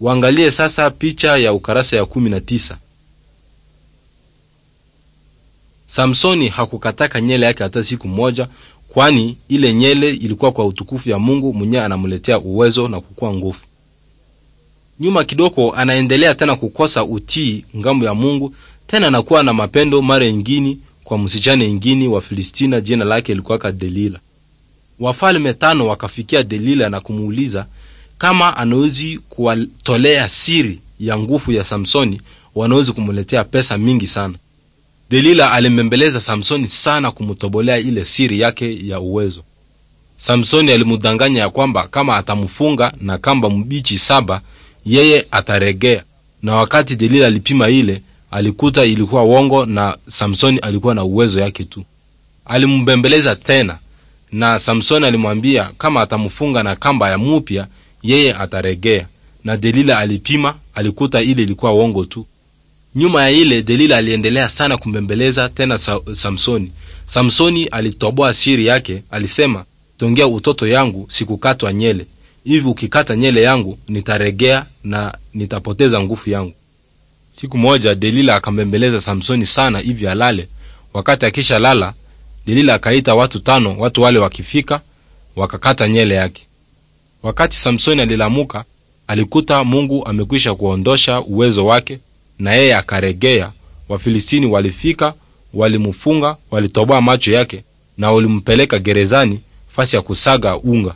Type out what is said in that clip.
Uangalie sasa picha ya ukarasa ya 19. Samsoni hakukataka nyele yake hata siku moja, kwani ile nyele ilikuwa kwa utukufu ya Mungu mwenyewe anamletea uwezo na kukuwa nguvu. Nyuma kidogo, anaendelea tena kukosa utii ngambo ya Mungu, tena anakuwa na mapendo mara ingini kwa msichana ingini wa Filistina, jina lake ilikuwaka Delila. Wafalme tano wakafikia Delila na kumuuliza kama anawezi kuwatolea siri ya nguvu ya Samsoni, wanawezi kumletea pesa mingi sana. Delila alimbembeleza Samsoni sana kumtobolea ile siri yake ya uwezo. Samsoni alimudanganya ya kwamba kama atamfunga na kamba mbichi saba yeye ataregea, na wakati Delila alipima ile alikuta ilikuwa wongo na Samsoni alikuwa na uwezo yake tu. Alimbembeleza tena na Samsoni alimwambia kama atamfunga na kamba ya mupya yeye ataregea. Na Delila alipima, alikuta ile ilikuwa uongo tu. Nyuma ya ile, Delila aliendelea sana kumbembeleza tena sa Samsoni. Samsoni alitoboa siri yake, alisema, tongea utoto yangu sikukatwa nyele hivi, ukikata nyele yangu nitaregea na nitapoteza nguvu yangu. Siku moja Delila akambembeleza Samsoni sana hivi alale. Wakati akisha lala, Delila akaita watu tano. Watu wale wakifika, wakakata nyele yake. Wakati Samsoni alilamuka, alikuta Mungu amekwisha kuondosha uwezo wake, na yeye akaregea. Wafilistini walifika, walimfunga, walitoboa macho yake na walimpeleka gerezani, fasi ya kusaga unga.